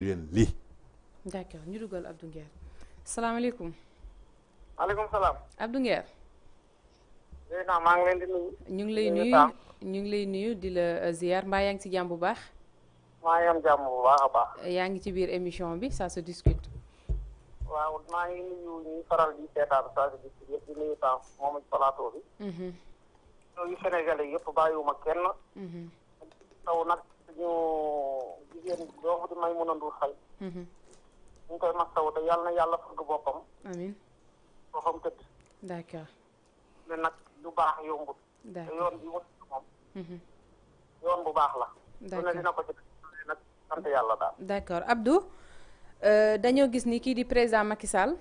leen lii. d'accord ñu dugal Abdou Nguer salaamaaleykum. salaam. Abdou ngi ñu ngi lay nuyu ngi lay nuyu di la euh, ziar mbaa ngi ci jàmm bu baax. maa ngi bu baax a baax. yaa ngi ci biir émission bi ça se discute. waaw maa ngi nuyu ñuy faral di seetaan ça se discute yëpp nuyu temps moom ci plateau bi. ñooñu mm-hmm. Sénégalais yëpp bàyyiwuma kenn. Mm-hmm. taw nag ñu. jigéen doomu di may mun a ndul xay ñu koy masawu te yàlla na yàlla fëgg boppam amiin boppam tëdd nag lu baax mhm. baax la d'accord ne dina ko ci Abdou euh, dañoo gis ni kii di président Macky Sall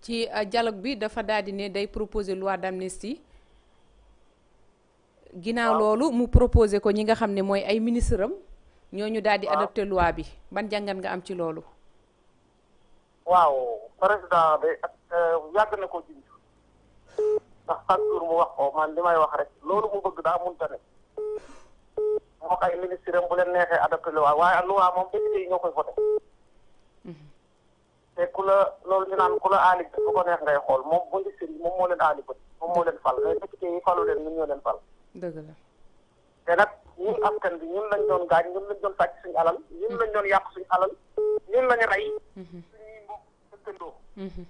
ci euh, dialogue bi dafa daal di ne day proposer loi d'amnistie ginnaaw loolu mu proposé ko ñi nga xam ne mooy ay ministre am ñooñu daal di adopté loi bi ban jàngat nga am ci loolu. waaw président bi ak euh, yàgg na ko junj ndax facture mu wax ko man li may wax rek loolu mu bëgg daa mënta ne moo ay ministre bu leen neexee adopté loi waaye loi moom député yi ñoo koy voté mhm. te ku la loolu ñu naan ku la aali bu ko neex ngay xool moom ministre yi moom moo leen aali bët moom moo leen fal mais député yi falu leen ñun ñoo leen fal. dëgg la te nag. ñun askan bi ñun lañ doon gaañ ñun lañ doon sàcc suñu alal ñun lañ doon yàq suñu alal ñun lañ rey mhm. suñuy mbokk dëkkandoo mhm.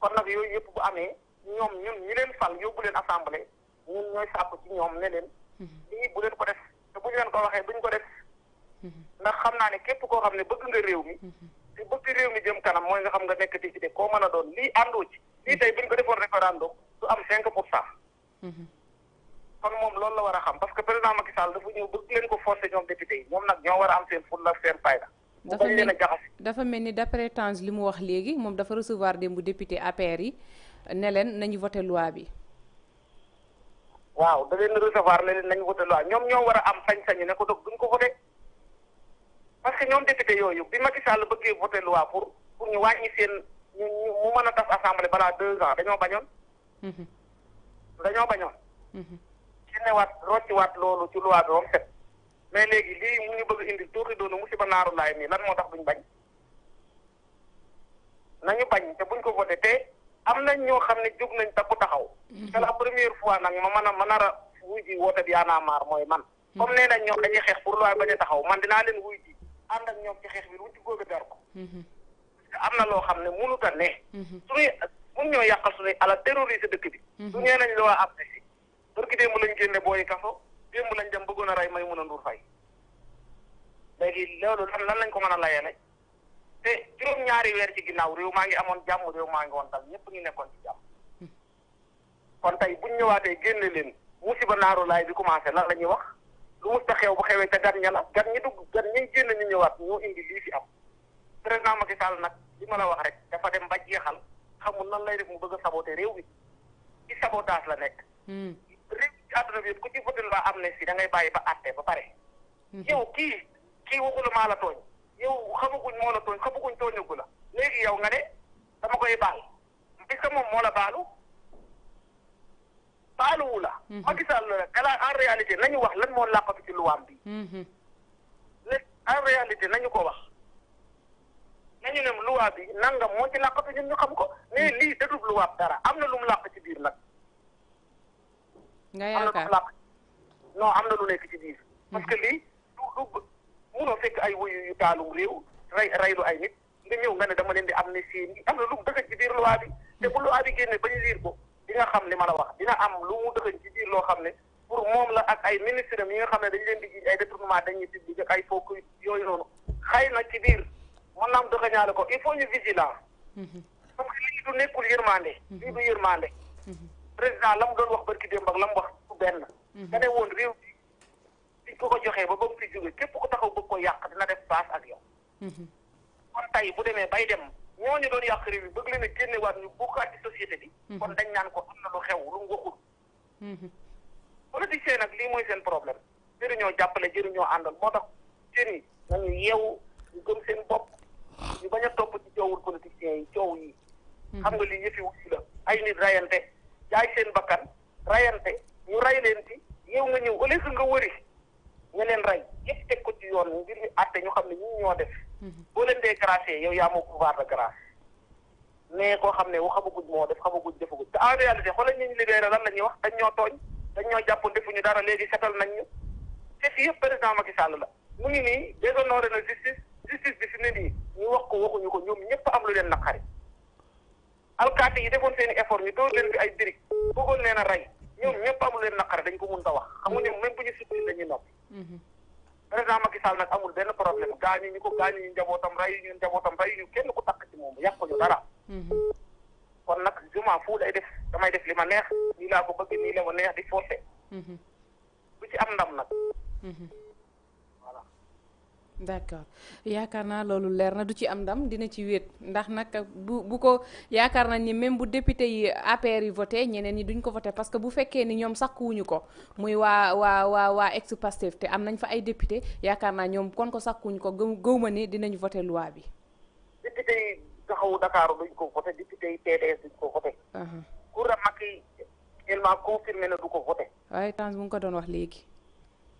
kon nag yooyu yëpp bu amee ñoom ñun ñu leen fal yóbbu leen assemblée ñun ñooy sàkku ci ñoom ne leen mhm. lii bu leen ko def te bu leen ko waxee bu ko def ndax xam naa ne képp koo xam ne bëgg nga réew mi te bëgg réew mi jëm kanam mooy nga xam nga nekk député koo mën a doon lii àndoo ci lii tey bu ko defoon référendum du am cinq président Macky Sall dafa ñëw bëgg leen ko dafa mel dafa mel ni d'après Tange li mu wax léegi moom dafa recevoir démb député APR yi ne leen nañu voté loi bi. waaw da leen recevoir ne leen nañu voté loi ñoom ñoo war a am sañ-sañu ne ko dog duñ ko voté parce que ñoom député yooyu bi Macky Sall bëggee voté loi pour pour ñu wàññi seen ñu mu mën a tas assemblée balaa deux ans dañoo bañoon. Mhm. dañoo bañoon. Mhm. génnewaat rocciwaat loolu ci loi bi moom set mais léegi lii mu ñu bëgg indi tuuri doonu musiba naaru laay nii lan moo tax duñ na nañu bañ te buñ ko voté te am na ñoo xam ne jóg nañ takku taxaw mhm. c'est la première fois nag ma mën a ma nar a wuy ji woote bi yaanaa maar mooy man mhm. comme ne na ñoom dañuy xeex pour ba bañ a taxaw man dinaa leen wuy ji ànd ak ñoom ci xeex bi lu ci góob a ko mhm. am na loo xam ne mënut a ne suñuy mun ñoo yàqal suñuy ala terroriser dëkk barki démb lañ génne booy kaso démb lañ dem bëggoon a rey may mun a ndur fay léegi loolu lan lañ ko mën a layale te juróom-ñaari weer ci ginnaaw réew maa ngi amoon jàmm réew maa ngi woon dal ñëpp ñu nekkoon ci jàmm kon tey buñ ñëwaatee génne leen ba naaru laay bi commencé lan la ñuy wax lu mus ta xew bu xewee te gan ña la gan ñi dugg gan ñi génn ñu ñëwaat ñoo indi lii fi am président Macky Sall nag li ma la wax rek dafa dem ba jeexal xamul lan lay def mu bëgg a saboté réew bi ci la nekk hmm. àdduna bi yëpp ku ci voté loi amnistie ba àtte ba pare. Mhm. yow kii kii waxula maa la tooñ yow xamaguñ moo la tooñ xamaguñ tooñagu la léegi yow nga ne dama koy baal est-ce que moom moo la baalu baaluwu la. Mhm. Macky Sall la gala en réalité nañu wax lan moo làqatu ci luwaam bi. Mhm. lépp en réalité nañu ko wax nañu ne luwa bi nangam moo ci làqatu ñun ñu xam ko mais lii dadul luwaab dara am na lum làq nga yaakaar non am na lu nekk ci biir. parce que hmm. lii du du munoo fekk ay wuyu yu taalum réew rey reylu ay nit nga ñëw nga ne dama leen di amnistie nii am na lu mu dëgëj ci biir loi bi te bu loi bi génne ba ñu liir ko di nga xam ne ma la wax dina am lu mu dëgëj ci biir loo xam ne pour moom la ak ay ministre yi nga xam ne dañ leen di ji ay détournement dañuy public ak ay fokk yooyu noonu xëy na ci biir mën naa am dëgëñaale ko il faut ñu vigilant. Hmm. parce que lii du nekkul yërmande. Hmm. lii du yërmande. président la mu doon wax barki démb la mu wax benn. da mhm. ne woon ko ko joxee ba ba mu fi jógee képp ku taxaw bëgg ko yàq dina def a ak yow. Mhm. kon tey bu demee bay dem ñooñu doon yàq réew bi bëgg leen a génnewaat ñu bokkaat ci société bi. Mhm. kon dañ naan ko am na lu xew lu mu waxul. politicien nag lii mooy seen problème jëriñoo jàppale jëriñoo àndal moo tax jeunes yi nañu yeewu ñu gëm seen bopp ñu bañ a topp ci coowul politiciens yi coow yi. xam nga lii yëfi wuyu la ay nit rayante jaay seen bakkan rayante. ñu rey leen ci yow nga ñëw au lieu que nga wëri nga leen rey yëpp teg ko ci yoon ngir ñu àtte ñu xam ne ñun ñoo def mhm. boo leen dee gracier yow yaa moo pouvoir de grâce mais koo xam ne wax xamaguñ moo def xamaguñ defaguñ te en réalité leen ñu ñu libéré lan la ñuy wax dañ ñoo tooñ dañ ñoo jàpp defuñu dara léegi setal nañ ñu te fii yëpp ma Macky Sall la mu ngi nii déshonoré na justice justice bi fi mu ne nii ñu ko waxuñu ko ñoom ñëpp am lu leen naqari alkaati yi defoon seen i effort leen fi ay birig bëggoon leen a rey ñoom ñëpp amul leen naqare dañ ko mënta wax xam nga ñoom même bu ñu sukk dañuy noppi mhm. président Macky Sall nag amul benn problème gaañu ñu ko gaañu ñu njabootam rey ñu njabootam rey ñu kenn ku takk ci moom yàq ñu dara mhm. kon nag juma fu lay def damay def li ma neex nii laa ko bëgg nii la ma neex di bu mhm. ci am ndam nag d'accord yaakaar naa loolu leer na du ci am ndam dina ci wéet ndax nag bu bu ko yaakaar nañ ni même bu député yi APR yi voté ñeneen yi duñ ko voté parce que bu fekkee ni ñoom sakkuwuñu ko muy waa waa waa waa ex te am nañ fa ay député yaakaar naa ñoom kon ko sakkuwuñu ko gëm gëwma ni dinañ voté loi bi. député yi taxawu Dakar duñ ko voté député yi PDS duñ ko voté. Coura Macky il m'a confirmé ne du ko voté. waaye temps bu nga ko doon wax léegi.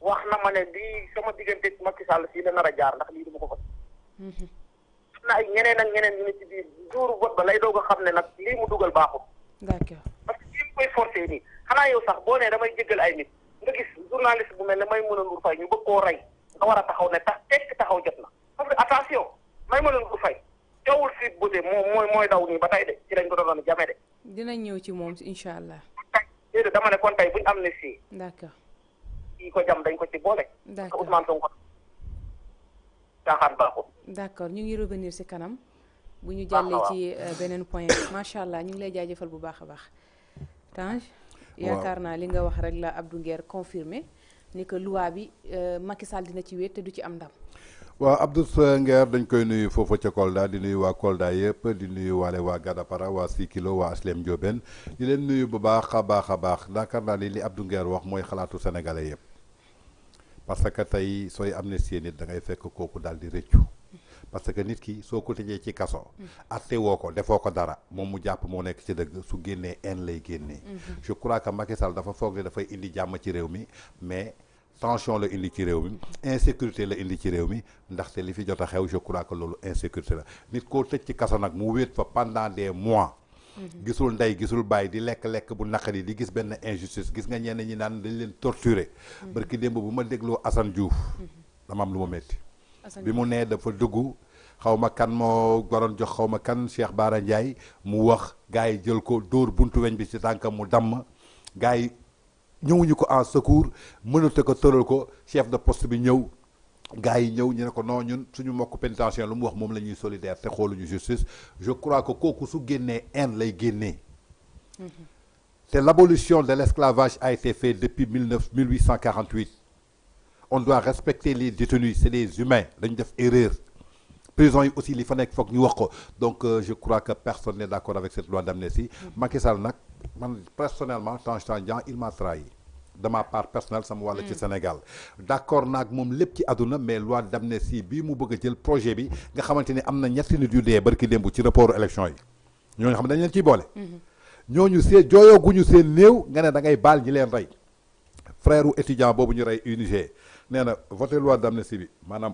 wax na ma ne lii sama diggante Macky Sall fii da nar a jaar ndax lii dama ko fas. Mhm. am na ay ñeneen ak ñeneen ñu ne ci biir jouru vote ba lay doog a xam ne nag lii mu dugal baaxul. d'accord parce que lii xanaa yow sax boo nee damay jéggal ay nit nga gis journaliste bu mel ne Maimouna Ndour Faye ñu bëgg koo rey war a taxaw ne tax tekk taxaw jot na parce que attention Maimouna fay Faye jawul bu de moom mooy mooy daw nii ba tey de ci lañ ko doon jame de. dinañ ñëw ci moom incha allah. dama ne kon tey buñ am ne si. d'accord. kii ko dañ ko ci boole. parce ñu ngi revenir si kanam. bu ñu jàllee ci euh, beneen point macha allah ñu ngi lay jëfal bu baax a baax. Tange yaakaar naa li nga wax rek la Abdou Nguer confirmé ni que loi bi euh, Macky Sall dina ci wéet te du ci am ndam. waaw Abdou Nguer dañ koy nuyu foofu ca Kolda di nuyu waa Kolda yëpp di nuyu waale waa Gadapara waa kilo waa Aslem Diobène di leen nuyu bu baax a baax a baax yaakaar naa ni li Abdou Nguer wax mooy xalaatu sénégalais yëpp. parce que tey soy amnistie nit da ngay fekk kooku dal di rëccu parce que nit ki soo ko tëjee ci kasso até woko defoko dara moom mu jàpp moo nekk ci deug su génnee en lay génnee mhm. je crois que Macky Sall dafa fogg da fay indi jàmm ci réew mi mais tension la indi ci réew mi insécurité la indi ci réew mi té li fi jot xew je crois que lolu insécurité la nit ko tej ci kasso nak mu wét fa pendant des mois Mm-hmm. gisul ndey gisul baay di lekk-lekk bu yi di gis benn injustice gis nga ñenn ñi naan dañ leen torturer mm-hmm. barki démb bu ma dégloo Assane Diouf mm-hmm. dama am lu ma métti bi mu nee dafa dugg xaw ma kan moo waroon jox xaw ma kan Cheikh Bara Ndiaye mu wax gars yi jël ko dóor buntu weñ bi ci tànkam mu damm gars yi ñëwuñu ko en secours mënate ko tëral ko chef de post bi ñëw gaay yi ñëw ñu ne ko non ñun suñu mbokk pénitentiaire lu mu wax moom la ñuy solidaire te xooluñu justice je crois que kooku su génnee haine lay génnee mhm. te l'abolition de l'esclavage a été faite depuis 1848 on doit respecter les détenus c'est des humains dañu def erreur prison yi aussi li fa nekk foog ñu wax ko donc euh, je crois que personne n'est d'accord avec cette loi d'amnistie mhm. Macky Sall man personnellement il m'a trahi de ma part personnelle sama wàll ci mm. Sénégal D'accord, accord naag moom lépp ci àdduna mais loi d' amnistie bii mu bëgg jël projet bi nga xamante ni am na ñetti nit yu dee barki démb ci rapport élection yi ñooñu xam ne dañ leen ciy boole mm-hmm. ñooñu seen jooyooguñu seen néew nga né da ngay bal ñi leen ray frère étudiant bobu ñu ray unité nee na voté loi d'amnistie bi manam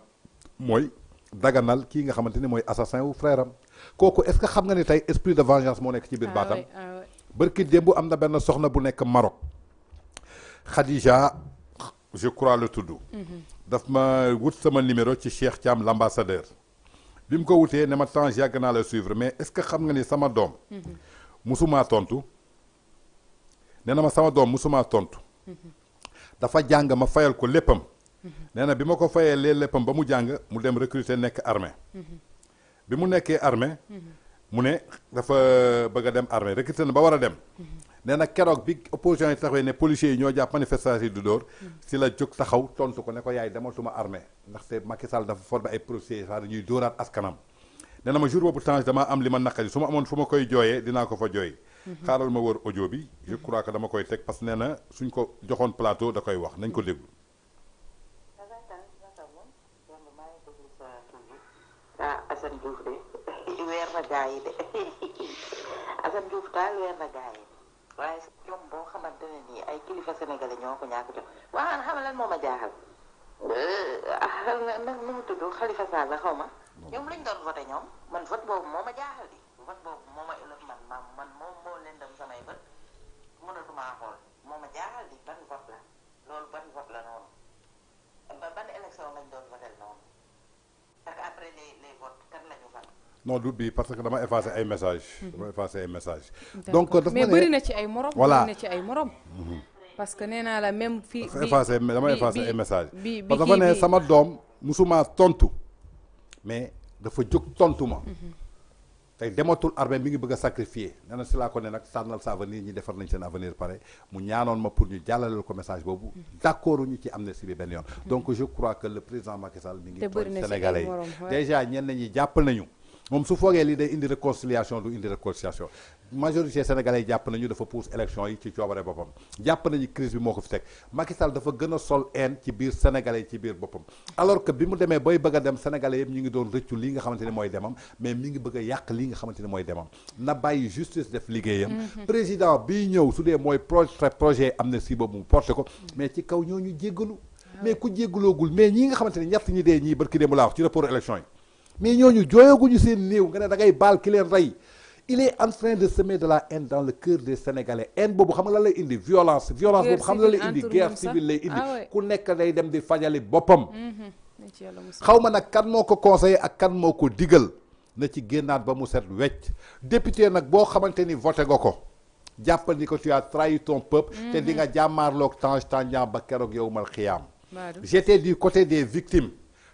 moy daganal ki nga xamante moy mooy assassin wu frère am kooku est ce que xam nga ni tay esprit de vengeance mo nekk ci bir ah batam ah barki dembu amna ben soxna bu nekk Maroc Khadija je crois le tudd. daf ma wut sama numéro ci Cheikh Thiam l'ambassadeur. bi mu ko wutee ne ma temps yàgg naa la suivre mais est-ce que xam nga ni sama doom. musumaa tontu. nee na ma sama doom musumaa tontu. dafa jàng ma fayal ko léppam. nee na bi ma ko fayee lee léppam ba mu jàng mu dem recruter nekk armée. bi mu nekkee armée. mu ne dafa bëgg a dem armée recruter na ba war a dem. nee na keroog bi opposition yi taxawee ne policiers yi ñoo jàpp manifestation yi du dóor si la jóg xaw tontu ko ne ko yaay demal suma ndax ndaxte Macky Sall dafa formé ay policiers saa ñuy dóoraat askanam nee na ma jour boobu temps damaa am li ma naqari su ma amoon fu ma koy jooyee dinaa ko fa jooy mhm. xaaral ma wër audio bi je crois que dama koy teg parce que nee suñ ko joxoon plateau da koy wax nañ ko déglu waaye jom boo xamante ne nii ay kilifa sénégalais ñoo ko ñàkk jom waaw xam leen moo ma jaaxal ah, nag nu mu tudd Khalifa Sall la xaw ma ñoom lañ doon voté ñoom man vote boobu moo ma jaaxal di moo man ma man moom moo leen dem samay bët mënatumaa xool moo ma jaaxal di ban vote la loolu ban vote la noonu ban élection lañ doon voté noonu ak après les les votes kan la ñu non du parce que dama effacé ay message mhm. dama effacé ay message donc mais bëri na ci ay morom voilà bëri na ci ay morom mhm. parce que nee la même fii effacé dama effacé ay message parce que dafa ne sama doom musuma tontu mais dafa jóg tontu ma mhm. tey dematul armée mi ngi bëgg a sacrifier nee na si laa ko ne nag sànnal sa avenir ñi defar nañ seen avenir pare mu ñaanoon ma pour ñu jàllaleel ko message boobu d' accord ñu ci amnistie bi benn yoon donc je crois que le président Macky Sall mi ngi sénégalais Déjà, déjà ñenn ñi jàpp nañu moom su foogee li day indi réconciliation du indi réconciliation majorité sénégalais yi jàpp nañu dafa pousse élection yi ci coobare boppam jàpp nañu crise bi moo ko fi teg Macky dafa gën a sol haine ci biir sénégalais ci biir boppam alors que bi mu demee bay bëgg a dem sénégalais yëpp ñu ngi doon rëccu li nga xamante ne mooy demam mais mi ngi bëgg a yàq li nga xamante ne mooy demam na bàyyi justice def liggéeyam mhm. président bii ñëw su dee mooy projet projet amnistie boobu mu porté ko mhm. mais ci kaw ñooñu jéggalu ah mais ku jéggaloogul mais ñi nga xamante ne ñett ñi dee ñii barki démb laa wax ci rapport élection yi mais ñooñu jooyaguñu seen néew nga ne da ngay baal ki leen rey il est en train de semer de la haine dans le cœur des sénégalais haine boobu xam nga lan indi violence violence boobu xam nga lan indi guerre civile lay indi ah ku nekk day dem di fajali bopam. Hmm. ma nag kan moko conseiller ak kan moko ko na ci gennat ba mu set wecc député nak bo xamanteni voté goko. ko ni ko tu as trahi ton peuple mm-hmm. te di nga jàmmaarloog Tange Tandian ba kérok yowmal qiyam. j'étais du côté des victimes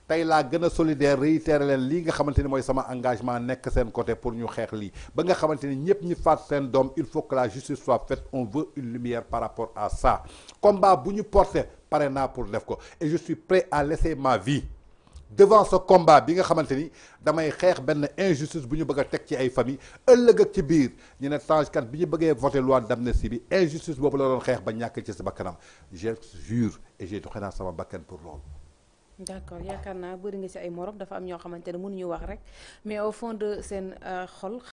tay laa gën a solidaire réitéré leen lii nga xamante ni mooy sama engagement nekk seen côté pour ñu xeex lii ba nga xamante ni ñëpp ñi faat seen doom il faut que la justice soit faite on veut une lumière par rapport à ça combat bu ñu porté pare naa pour def ko et je suis prêt à laisser ma vie devant ce combat bi nga xamante ni damay xeex benn injustice bu ñu bëgg a teg ci ay famille ëllëg ak ci biir ñu ne Tange Kane bi ñu bëggee voté loi d'amnistie bi injustice boobu la doon xeex ba ñàkk ci sa bakkanam je jure et j'ai doxe naa sama bakkan pour loolu d' accord yaakaar naa bëri nga ci ay morom dafa am ñoo xamante ne mënuñu wax rek mais au fond de seen euh, xol